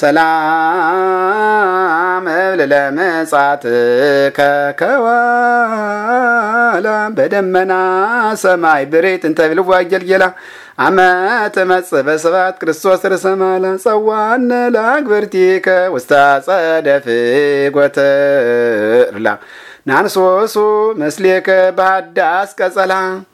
ሰላም እብል ለመጻትከ ከዋላ በደመና ሰማይ ብሬት እንተብል ብልዋ አመት መጽ ትመጽእ ክርስቶስ ርሰማላ ጸዋነ ለአግብርቲከ ውስተ አጸደ ጐተርላ ናንሶሱ ምስሌከ በሃዳስ ቀጸላ